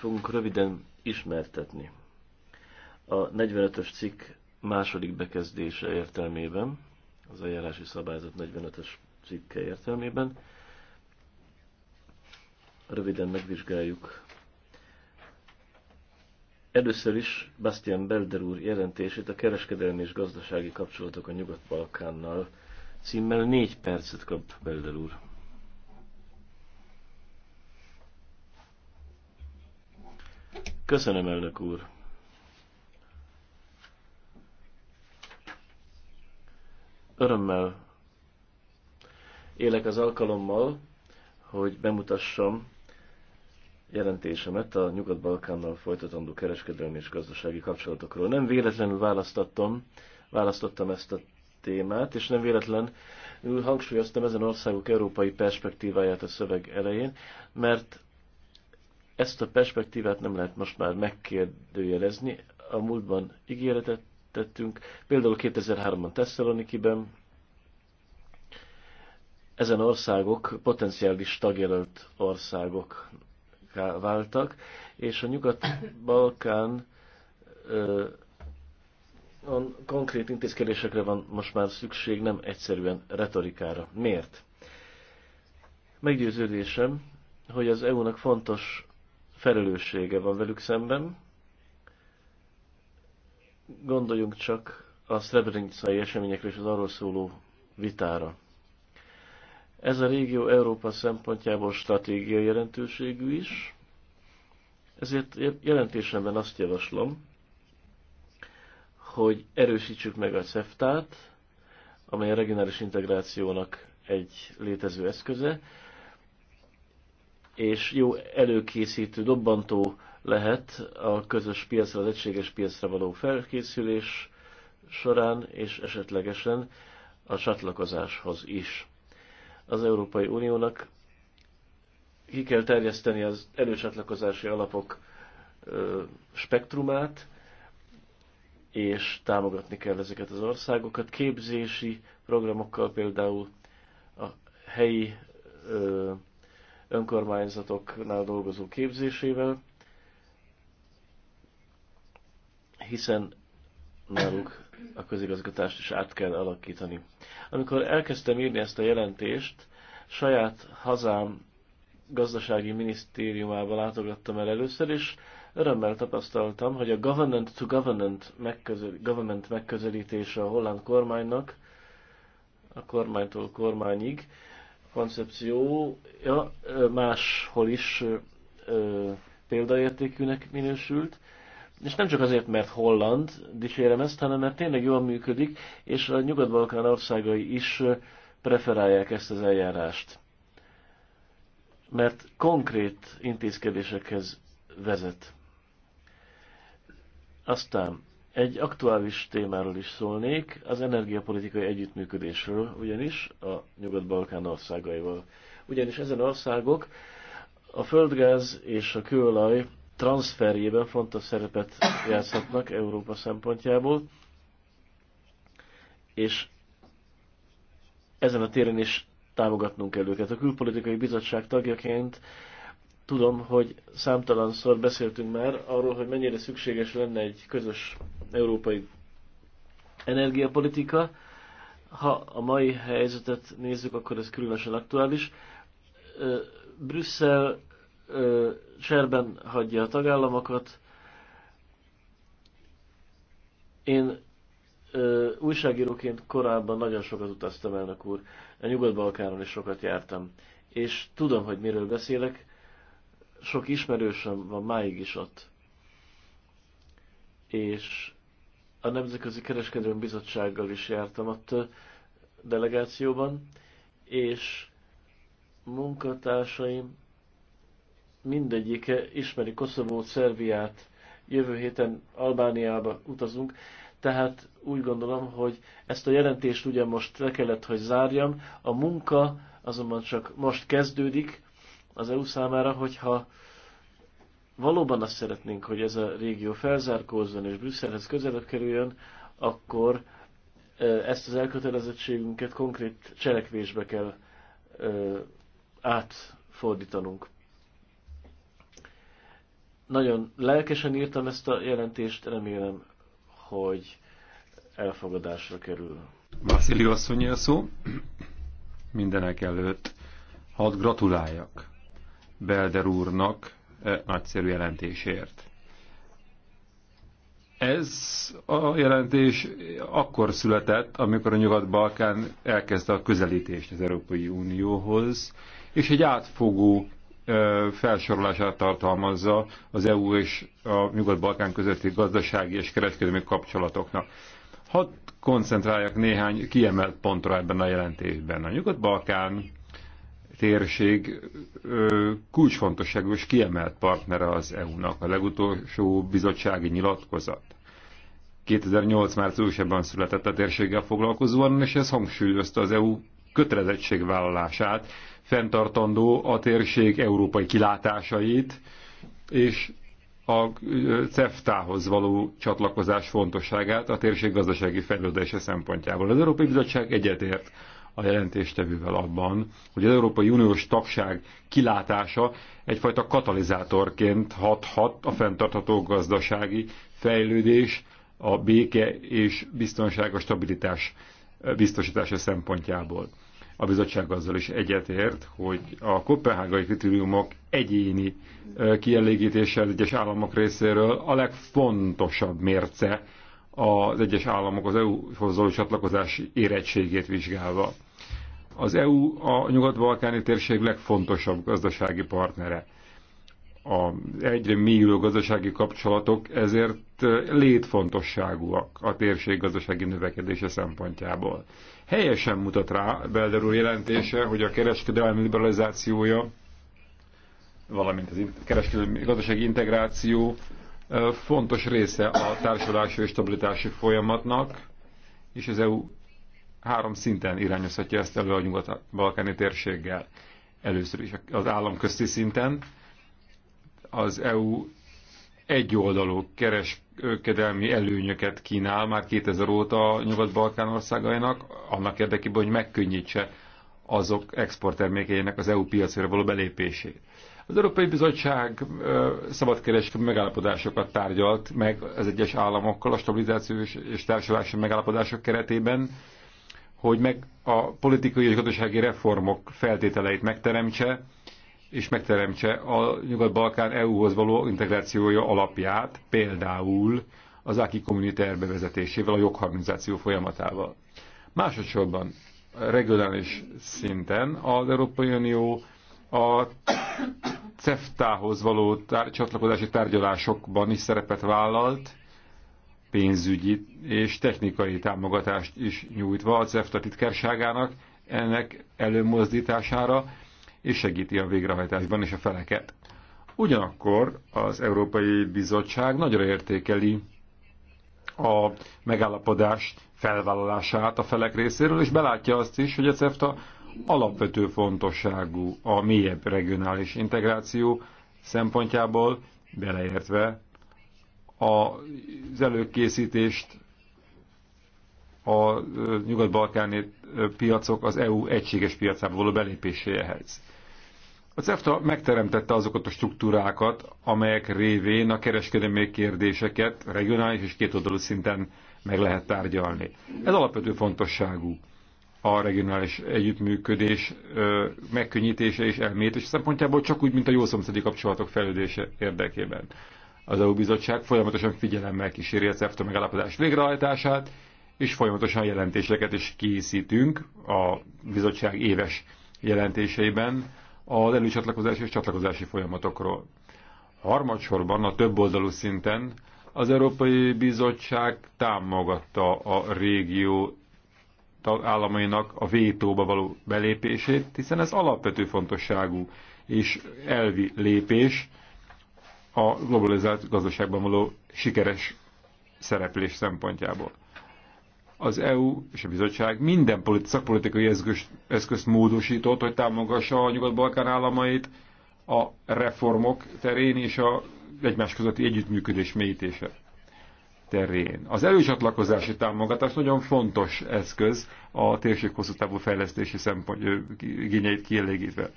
fogunk röviden ismertetni. A 45-ös cikk második bekezdése értelmében, az eljárási szabályzat 45-ös cikke értelmében, röviden megvizsgáljuk Először is Bastian Belder úr jelentését a kereskedelmi és gazdasági kapcsolatok a Nyugat-Balkánnal címmel négy percet kap Belder úr. Köszönöm, elnök úr. Örömmel élek az alkalommal, hogy bemutassam jelentésemet a Nyugat-Balkánnal folytatandó kereskedelmi és gazdasági kapcsolatokról. Nem véletlenül választottam, választottam ezt a témát, és nem véletlen hangsúlyoztam ezen országok európai perspektíváját a szöveg elején, mert ezt a perspektívát nem lehet most már megkérdőjelezni. A múltban ígéretet tettünk, például 2003-ban Thessalonikiben, ezen országok potenciális tagjelölt országok váltak, és a Nyugat-Balkán konkrét intézkedésekre van most már szükség, nem egyszerűen retorikára. Miért? Meggyőződésem, hogy az EU-nak fontos felelőssége van velük szemben. Gondoljunk csak a Srebrenicai eseményekre és az arról szóló vitára. Ez a régió Európa szempontjából stratégiai jelentőségű is, ezért jelentésemben azt javaslom, hogy erősítsük meg a CEFTA-t, amely a regionális integrációnak egy létező eszköze, és jó előkészítő, dobbantó lehet a közös piacra, az egységes piacra való felkészülés során, és esetlegesen a csatlakozáshoz is. Az Európai Uniónak ki kell terjeszteni az előcsatlakozási alapok spektrumát, és támogatni kell ezeket az országokat. Képzési programokkal például a helyi ö, önkormányzatoknál dolgozó képzésével, hiszen náluk a közigazgatást is át kell alakítani. Amikor elkezdtem írni ezt a jelentést, saját hazám gazdasági minisztériumába látogattam el először, és örömmel tapasztaltam, hogy a government to government, megközel, government megközelítése a holland kormánynak, a kormánytól kormányig koncepciója máshol is példaértékűnek minősült, és nem csak azért, mert holland, dicsérem ezt, hanem mert tényleg jól működik, és a nyugat-balkán országai is preferálják ezt az eljárást. Mert konkrét intézkedésekhez vezet. Aztán egy aktuális témáról is szólnék, az energiapolitikai együttműködésről, ugyanis a Nyugat-Balkán országaival. Ugyanis ezen országok a földgáz és a kőolaj transferjében fontos szerepet játszhatnak Európa szempontjából, és ezen a téren is támogatnunk kell őket. A külpolitikai bizottság tagjaként tudom, hogy számtalanszor beszéltünk már arról, hogy mennyire szükséges lenne egy közös európai energiapolitika. Ha a mai helyzetet nézzük, akkor ez különösen aktuális. Brüsszel cserben hagyja a tagállamokat. Én újságíróként korábban nagyon sokat utaztam, elnök úr. A Nyugat-Balkánon is sokat jártam. És tudom, hogy miről beszélek sok ismerősöm van máig is ott. És a Nemzetközi Kereskedelmi Bizottsággal is jártam ott delegációban, és munkatársaim mindegyike ismeri Koszovót, Szerbiát, jövő héten Albániába utazunk, tehát úgy gondolom, hogy ezt a jelentést ugye most le kellett, hogy zárjam, a munka azonban csak most kezdődik, az EU számára, hogyha valóban azt szeretnénk, hogy ez a régió felzárkózzon és Brüsszelhez közelebb kerüljön, akkor ezt az elkötelezettségünket konkrét cselekvésbe kell átfordítanunk. Nagyon lelkesen írtam ezt a jelentést, remélem, hogy elfogadásra kerül. Vasszili asszonyi a szó. Mindenek előtt hadd gratuláljak Belder úrnak e nagyszerű jelentésért. Ez a jelentés akkor született, amikor a Nyugat-Balkán elkezdte a közelítést az Európai Unióhoz, és egy átfogó e, felsorolását tartalmazza az EU és a Nyugat-Balkán közötti gazdasági és kereskedelmi kapcsolatoknak. Hadd koncentráljak néhány kiemelt pontra ebben a jelentésben. A Nyugat-Balkán térség kulcsfontosságú és kiemelt partnere az EU-nak. A legutolsó bizottsági nyilatkozat 2008 márciusában született a térséggel foglalkozóan, és ez hangsúlyozta az EU kötelezettségvállalását, fenntartandó a térség európai kilátásait, és a CEFTA-hoz való csatlakozás fontosságát a térség gazdasági fejlődése szempontjából. Az Európai Bizottság egyetért a jelentéstevővel abban, hogy az Európai Uniós tagság kilátása egyfajta katalizátorként hathat a fenntartható gazdasági fejlődés, a béke és biztonságos stabilitás biztosítása szempontjából. A bizottság azzal is egyetért, hogy a kopenhágai kritériumok egyéni kielégítéssel egyes államok részéről a legfontosabb mérce az egyes államok az EU-hoz való csatlakozás érettségét vizsgálva. Az EU a nyugat-balkáni térség legfontosabb gazdasági partnere. A egyre mélyülő gazdasági kapcsolatok ezért létfontosságúak a térség gazdasági növekedése szempontjából. Helyesen mutat rá Belder úr jelentése, hogy a kereskedelmi liberalizációja, valamint az kereskedelmi gazdasági integráció fontos része a társulási és stabilitási folyamatnak, és az EU három szinten irányozhatja ezt elő a nyugat-balkáni térséggel. Először is az államközti szinten, az EU egyoldalú kereskedelmi előnyöket kínál már 2000 óta a Nyugat-Balkán országainak, annak érdekében, hogy megkönnyítse azok exporttermékeinek az EU piacra való belépését. Az Európai Bizottság szabadkereskedelmi megállapodásokat tárgyalt meg az egyes államokkal a stabilizációs és társulási megállapodások keretében, hogy meg a politikai és gazdasági reformok feltételeit megteremtse, és megteremtse a Nyugat-Balkán EU-hoz való integrációja alapját, például az AKI kommunitár bevezetésével, a jogharmonizáció folyamatával. Másodszorban regionális szinten az Európai Unió a CEFTA-hoz való tár csatlakozási tárgyalásokban is szerepet vállalt, pénzügyi és technikai támogatást is nyújtva a CEFTA titkárságának ennek előmozdítására, és segíti a végrehajtásban is a feleket. Ugyanakkor az Európai Bizottság nagyra értékeli a megállapodás felvállalását a felek részéről, és belátja azt is, hogy a CEFTA alapvető fontosságú a mélyebb regionális integráció szempontjából, beleértve az előkészítést a nyugat-balkáni piacok az EU egységes piacába való belépéséhez. A CEFTA megteremtette azokat a struktúrákat, amelyek révén a kereskedelmi kérdéseket regionális és kétoldalú szinten meg lehet tárgyalni. Ez alapvető fontosságú a regionális együttműködés megkönnyítése és elmélyítése szempontjából csak úgy, mint a szomszédi kapcsolatok fejlődése érdekében. Az EU bizottság folyamatosan figyelemmel kíséri a CEFTA megállapodás végrehajtását, és folyamatosan jelentéseket is készítünk a bizottság éves jelentéseiben az előcsatlakozási és csatlakozási folyamatokról. Harmadsorban a több oldalú szinten az Európai Bizottság támogatta a régió államainak a vétóba való belépését, hiszen ez alapvető fontosságú és elvi lépés a globalizált gazdaságban való sikeres szereplés szempontjából. Az EU és a bizottság minden szakpolitikai eszközt, eszközt módosított, hogy támogassa a nyugat-balkán államait a reformok terén és a egymás közötti együttműködés mélyítése terén. Az előcsatlakozási támogatás nagyon fontos eszköz a térség hosszú távú fejlesztési szempont igényeit kielégítve.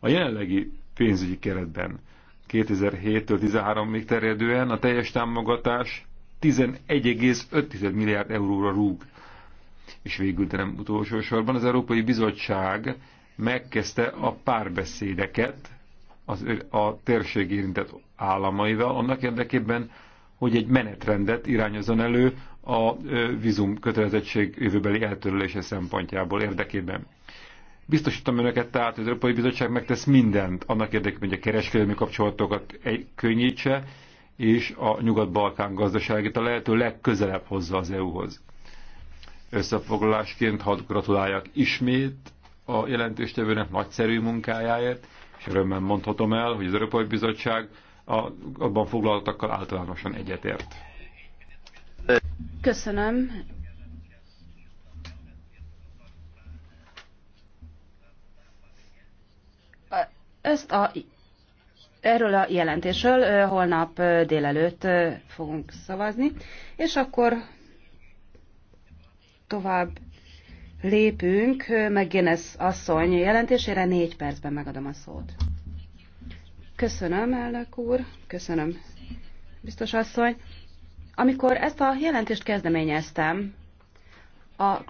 A jelenlegi pénzügyi keretben 2007-től 2013 ig terjedően a teljes támogatás 11,5 milliárd euróra rúg. És végül, de nem utolsó sorban, az Európai Bizottság megkezdte a párbeszédeket az, a térség érintett államaival, annak érdekében, hogy egy menetrendet irányozon elő a vízum kötelezettség jövőbeli eltörlése szempontjából érdekében. Biztosítom önöket tehát, hogy az Európai Bizottság megtesz mindent annak érdekében, hogy a kereskedelmi kapcsolatokat könnyítse, és a Nyugat-Balkán gazdaságét a lehető legközelebb hozza az EU-hoz. Összefoglalásként hadd gratuláljak ismét a jelentéstevőnek nagyszerű munkájáért, és örömmel mondhatom el, hogy az Európai Bizottság a, abban foglaltakkal általánosan egyetért. Köszönöm. Ezt a, erről a jelentésről holnap délelőtt fogunk szavazni, és akkor tovább lépünk. Meg Guinness asszony jelentésére négy percben megadom a szót. Köszönöm, elnök úr, köszönöm, biztos asszony. Amikor ezt a jelentést kezdeményeztem, a